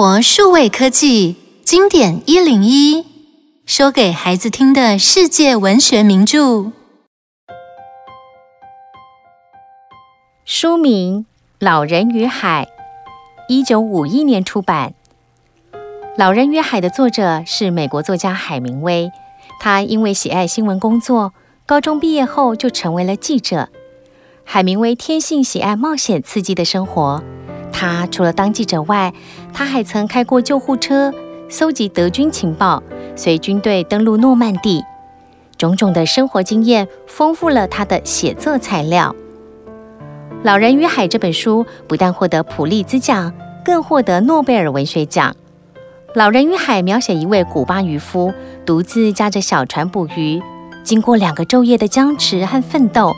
聲活數位科技經典一零一，說給孩子聽的世界文學名著。書名《老人與海》，一九五一年出版。《老人與海》的作者是美國作家海明威。他因為喜愛新聞工作，高中畢業後就成為了記者。海明威天性喜愛冒險刺激的生活。他除了當記者外，他還曾開過救護車，蒐集德軍情報，隨軍隊登陸諾曼底。種種的生活經驗豐富了他的寫作材料。《老人與海》這本書不但獲得普利茲獎，更獲得諾貝爾文學獎。《老人與海》描寫一位古巴漁夫獨自駕着小船捕魚，經過兩個晝夜的僵持和奮鬥，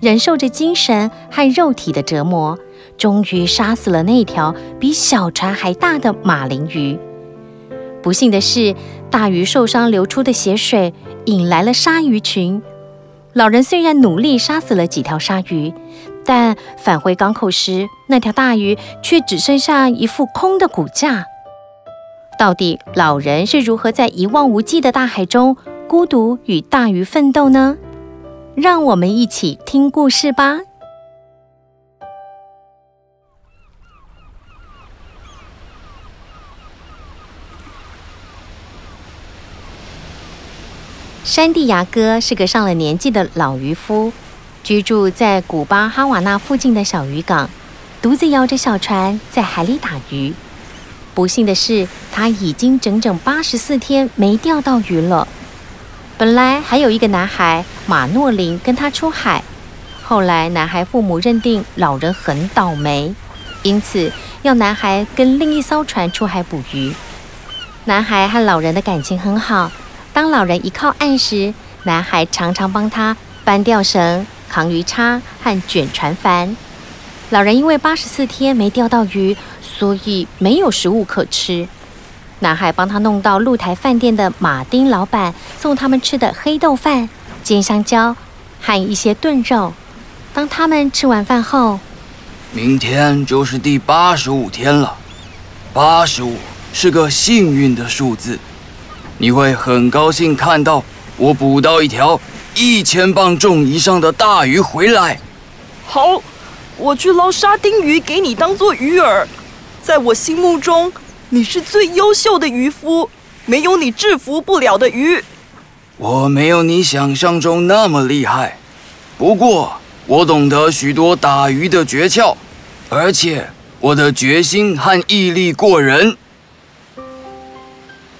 忍受着精神和肉體的折磨。終於殺死了那條比小船還大的馬林魚。不幸的是，大魚受傷流出的血水引來了鯊魚群。老人雖然努力殺死了幾條鯊魚，但返回港口時，那條大魚卻只剩下一副空的骨架。到底老人是如何在一望無際的大海中孤獨與大魚奮鬥呢？讓我們一起聽故事吧。山地牙哥是個上了年紀的老漁夫，居住在古巴哈瓦那附近的小漁港，獨自搖着小船在海裡打魚。不幸的是，他已經整整八十四天沒釣到魚了。本來還有一個男孩馬諾林跟他出海，後來男孩父母認定老人很倒霉，因此要男孩跟另一艘船出海捕魚。男孩和老人的感情很好。當老人一靠岸時，男孩常常幫他搬釣繩、扛魚叉和捲船帆。老人因為八十四天沒釣到魚，所以沒有食物可吃。男孩幫他弄到露台飯店的馬丁老板送他們吃的黑豆飯、煎香蕉和一些燉肉。當他們吃完飯後，明天就是第八十五天了。八十五是個幸運的數字。你會很高興看到我捕到一條一千磅重以上的大魚回來。好，我去撈沙丁魚給你當做魚餌。在我心目中，你是最優秀的漁夫，沒有你制服不了的魚。我沒有你想象中那麼厲害，不過我懂得許多打魚的訣竅，而且我的決心和毅力過人。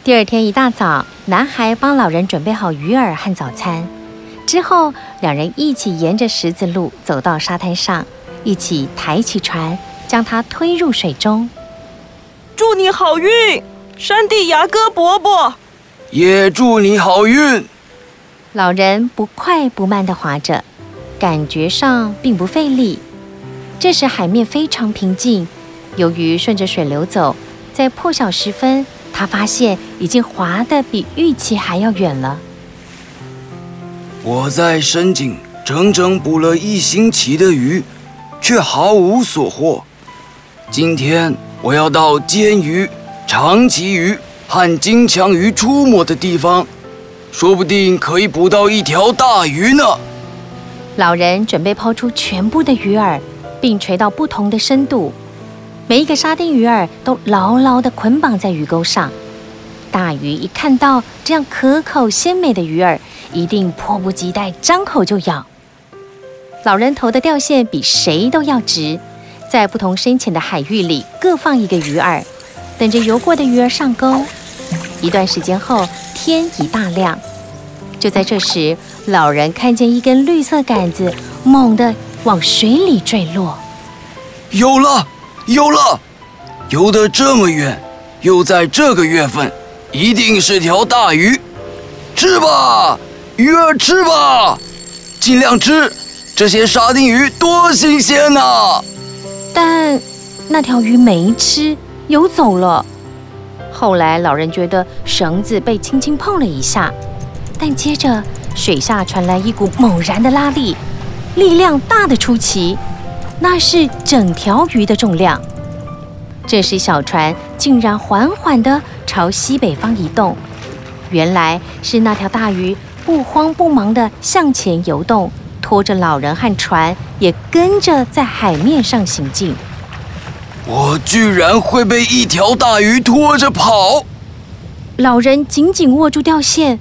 第二天一大早，男孩幫老人準備好魚餌和早餐，之後兩人一起沿着石子路走到沙灘上，一起抬起船，將它推入水中。祝你好運，山地牙哥伯伯，也祝你好運。老人不快不慢地划着，感覺上並不費力。這時海面非常平靜，由於順着水流走，在破曉時分，他發現已經滑得比預期還要遠了。我在深井整整捕了一星期的魚，卻毫無所獲。今天我要到鰹魚、長鰭魚和金槍魚出沒的地方，說不定可以捕到一條大魚呢。老人準備拋出全部的魚餌，並垂到不同的深度。每一個沙丁魚餌都牢牢地捆綁在魚鈎上，大魚一看到這樣可口鮮美的魚餌，一定迫不及待張口就咬。老人頭的釣線比誰都要直，在不同深淺的海域裡各放一個魚餌，等着游過的魚兒上鈎。一段時間後，天已大亮，就在這時，老人看見一根綠色杆子猛地往水裡墜落，有了。有了，游得這麼遠，又在這個月份，一定是條大魚，吃吧，魚兒吃吧，盡量吃，這些沙丁魚多新鮮吶！但那條魚沒吃，游走了。後來老人覺得繩子被輕輕碰了一下，但接着水下傳來一股猛然的拉力，力量大得出奇。那是整條魚的重量。這時，小船竟然緩緩地朝西北方移動。原來是那條大魚不慌不忙地向前游動，拖着老人和船也跟着在海面上行進。我居然會被一條大魚拖着跑！老人緊緊握住釣線。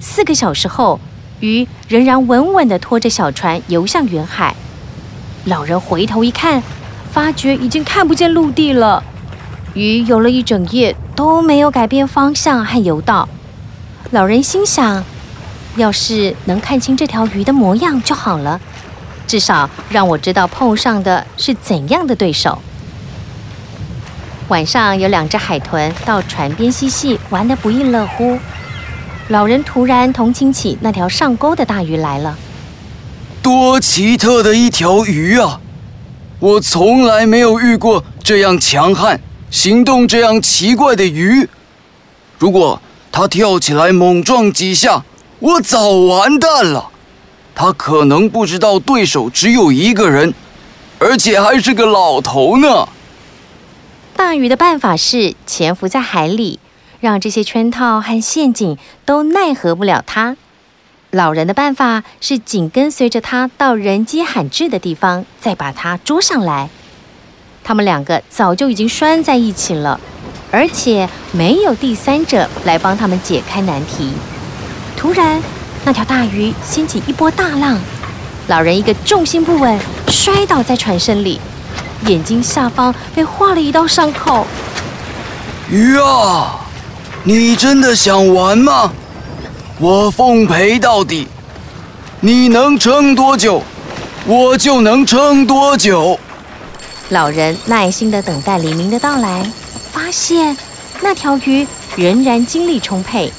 四個小時後，魚仍然穩穩地拖着小船游向遠海。老人回頭一看，發覺已經看不見陸地了。魚游了一整夜，都沒有改變方向和游道。老人心想：要是能看清這條魚的模樣就好了，至少讓我知道碰上的是怎樣的對手。晚上有兩只海豚到船邊嬉戲，玩得不亦樂乎。老人突然同情起那條上鈎的大魚來了。多奇特的一條魚啊！我從來沒有遇過這樣強悍、行動這樣奇怪的魚。如果它跳起來猛撞幾下，我早完蛋了。它可能不知道對手只有一個人，而且還是個老頭呢。大魚的辦法是潛伏在海裡，讓這些圈套和陷阱都奈何不了它。老人的辦法是緊跟隨着他到人跡罕至的地方，再把他捉上來。他們兩個早就已經拴在一起了，而且沒有第三者來幫他們解開難題。突然，那條大魚掀起一波大浪，老人一個重心不穩，摔倒在船身裡，眼睛下方被劃了一道傷口。魚啊，你真的想玩嗎？我奉陪到底，你能撐多久，我就能撐多久。老人耐心地等待黎明的到來，發現那條魚仍然精力充沛。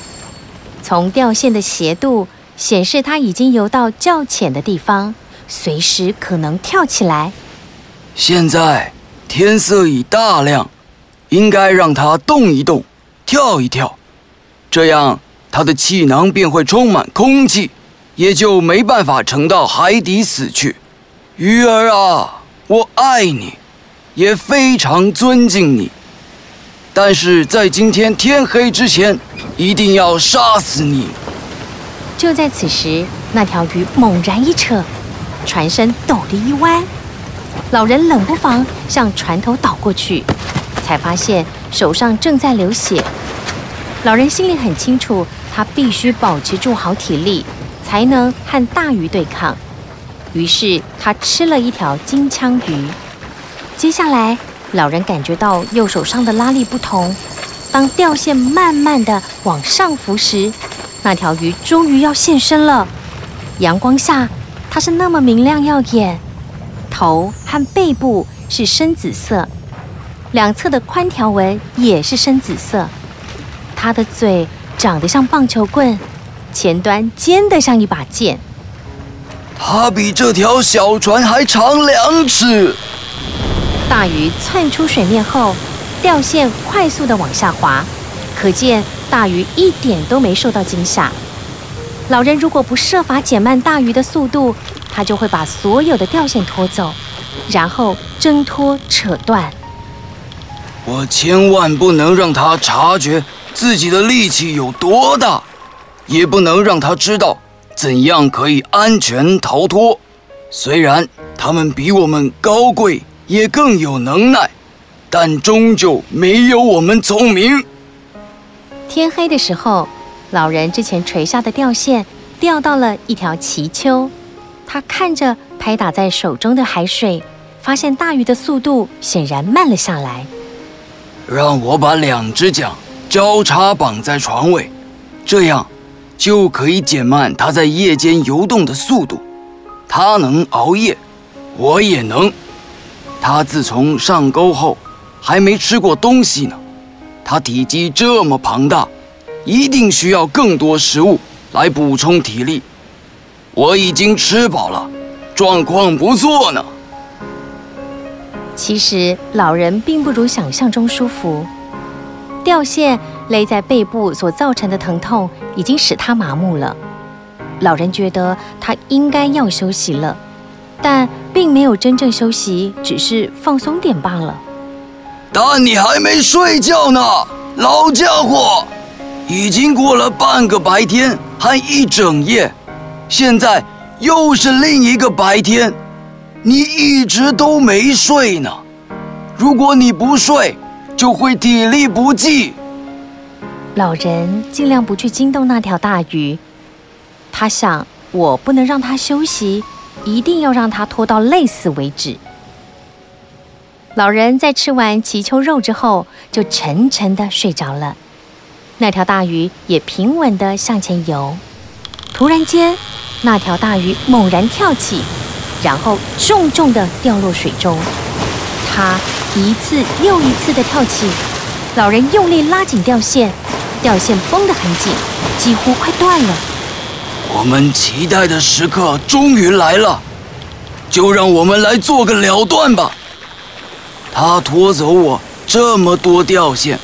從釣線的斜度顯示，它已經游到較淺的地方，隨時可能跳起來。現在天色已大亮，應該讓它動一動，跳一跳，這樣。他的氣囊便會充滿空氣，也就沒辦法沉到海底死去。魚兒啊，我愛你，也非常尊敬你，但是在今天天黑之前，一定要殺死你。就在此時，那條魚猛然一扯，船身抖地一歪，老人冷不防向船頭倒過去，才發現手上正在流血。老人心裡很清楚。他必須保持住好體力，才能和大魚對抗。於是他吃了一條金槍魚。接下來，老人感覺到右手上的拉力不同。當釣線慢慢地往上浮時，那條魚終於要現身了。陽光下，它是那麼明亮耀眼。頭和背部是深紫色，兩側的寬條紋也是深紫色。它的嘴，長得像棒球棍，前端尖得像一把劍。它比這條小船還長兩尺。大魚竄出水面後，釣線快速地往下滑，可見大魚一點都沒受到驚嚇。老人如果不設法減慢大魚的速度，它就會把所有的釣線拖走，然後掙脫、扯斷。我千萬不能讓他察覺。自己的力氣有多大，也不能讓他知道怎樣可以安全逃脫。雖然他們比我們高貴，也更有能耐，但終究沒有我們聰明。天黑的時候，老人之前垂下的釣線釣到了一條奇鰍。他看着拍打在手中的海水，發現大魚的速度顯然慢了下來。讓我把兩隻腳交叉綁在船尾，這樣就可以減慢它在夜間游動的速度。它能熬夜，我也能。它自從上鈎後，還沒吃過東西呢。它體積這麼龐大，一定需要更多食物來補充體力。我已經吃飽了，狀況不錯呢。其實老人並不如想象中舒服。釣線勒在背部所造成的疼痛已經使他麻木了。老人覺得他應該要休息了，但並沒有真正休息，只是放鬆點罷了。但你還沒睡覺呢，老家伙！已經過了半個白天，還一整夜，現在又是另一個白天，你一直都沒睡呢。如果你不睡，就會體力不濟。老人盡量不去驚動那條大魚，他想，我不能讓他休息，一定要讓他拖到累死為止。老人在吃完鯕鰍肉之後，就沉沉地睡着了。那條大魚也平穩地向前游。突然間，那條大魚猛然跳起，然後重重地掉落水中。他一次又一次地跳起，老人用力拉緊吊線，吊線繃得很緊，幾乎快斷了。我們期待的時刻終於來了，就讓我們來做個了斷吧。他拖走我這麼多吊線，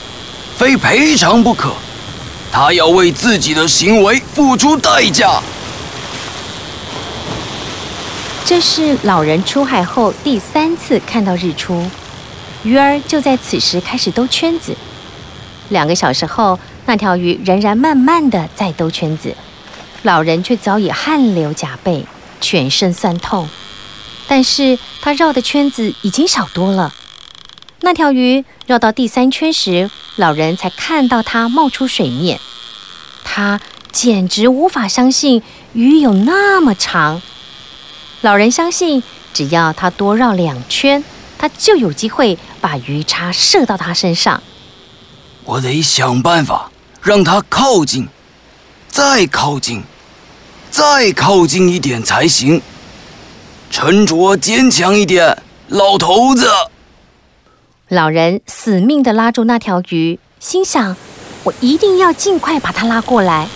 非賠償不可。他要為自己的行為付出代價。這是老人出海後第三次看到日出，魚兒就在此時開始兜圈子。兩個小時後，那條魚仍然慢慢的在兜圈子，老人卻早已汗流浹背，全身痠痛。但是他繞的圈子已經少多了。那條魚繞到第三圈時，老人才看到它冒出水面。他簡直無法相信魚有那麼長。老人相信，只要他多繞兩圈，他就有機會把魚叉射到他身上。我得想辦法讓他靠近，再靠近，再靠近一點才行。沉着堅強一點，老頭子。老人死命地拉住那條魚，心想：我一定要盡快把他拉過來。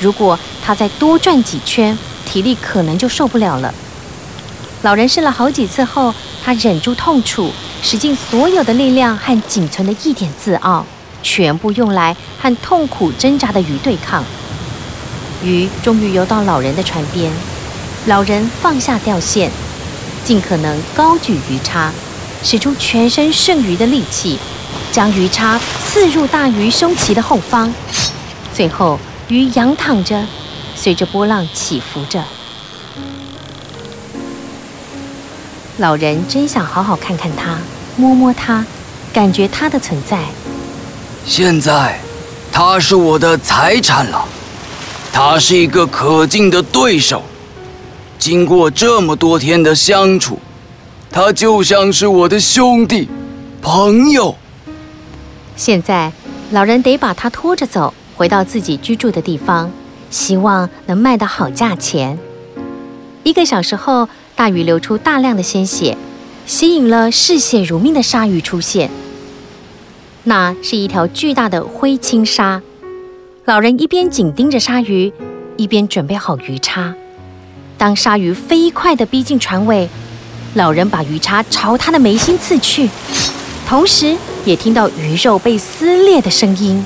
如果他再多轉幾圈，體力可能就受不了了。老人試了好幾次後，他忍住痛楚，使盡所有的力量和僅存的一點自傲，全部用來和痛苦掙扎的魚對抗。魚終於游到老人的船邊，老人放下釣線，盡可能高舉魚叉，使出全身剩餘的力氣，將魚叉刺入大魚胸鰭的後方。最後，魚仰躺着，隨着波浪起伏着。老人真想好好看看它，摸摸它，感覺它的存在。現在，它是我的財產了。他是一個可敬的對手。經過這麼多天的相處，他就像是我的兄弟、朋友。現在，老人得把它拖着走，回到自己居住的地方，希望能賣到好價錢。一個小時後。大魚流出大量的鮮血，吸引了嗜血如命的鯊魚出現。那是一條巨大的灰鯖鯊。老人一邊緊盯着鯊魚，一邊準備好魚叉。當鯊魚飛快地逼近船尾，老人把魚叉朝他的眉心刺去，同時也聽到魚肉被撕裂的聲音。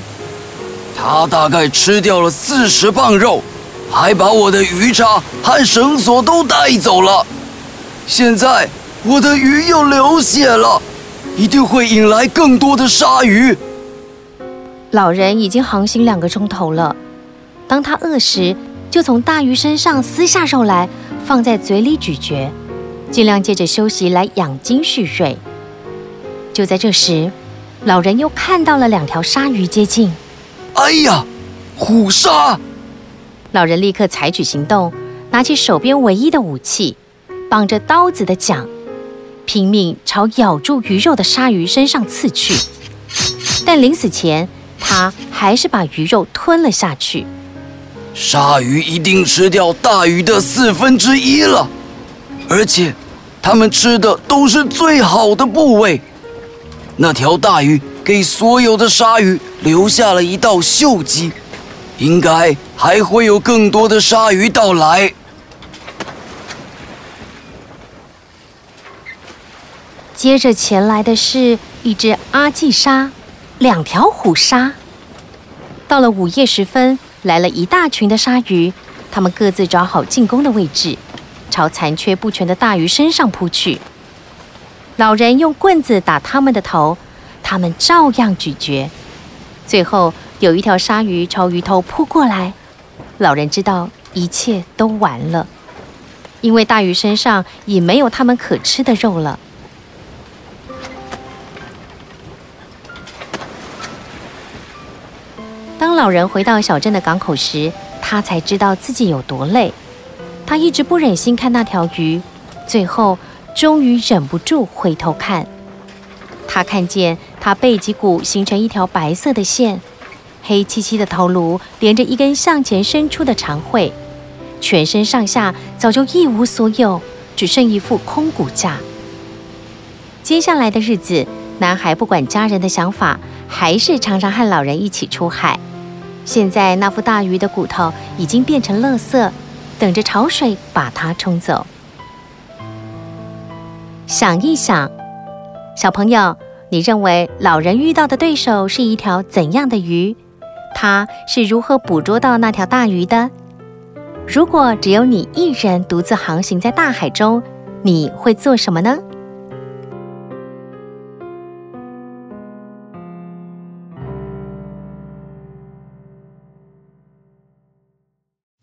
他大概吃掉了四十磅肉，還把我的魚叉和繩索都帶走了。現在我的魚又流血了，一定會引來更多的鯊魚。老人已經航行兩個鐘頭了，當他餓時，就從大魚身上撕下肉來，放在嘴裡咀嚼，盡量借着休息來養精蓄銳。就在這時，老人又看到了兩條鯊魚接近。哎呀，虎鯊！老人立刻採取行動，拿起手邊唯一的武器。綁着刀子的槳，拼命朝咬住魚肉的鯊魚身上刺去，但臨死前，他還是把魚肉吞了下去。鯊魚一定吃掉大魚的四分之一了，而且，它們吃的都是最好的部位。那條大魚給所有的鯊魚留下了一道鏽跡，應該還會有更多的鯊魚到來。接着前來的是一只阿濟鯊，兩條虎鯊。到了午夜時分，來了一大群的鯊魚，它們各自找好進攻的位置，朝殘缺不全的大魚身上撲去。老人用棍子打它們的頭，它們照樣咀嚼。最後有一條鯊魚朝魚頭撲過來，老人知道一切都完了，因為大魚身上已沒有它們可吃的肉了。老人回到小鎮的港口時，他才知道自己有多累。他一直不忍心看那條魚，最後終於忍不住回頭看。他看見他背脊骨形成一條白色的線，黑漆漆的頭顱連着一根向前伸出的長喙，全身上下早就一無所有，只剩一副空骨架。接下來的日子，男孩不管家人的想法，還是常常和老人一起出海。現在那副大魚的骨頭已經變成垃圾，等着潮水把它沖走。想一想，小朋友，你認為老人遇到的對手是一條怎樣的魚？他是如何捕捉到那條大魚的？如果只有你一人獨自航行在大海中，你會做什麼呢？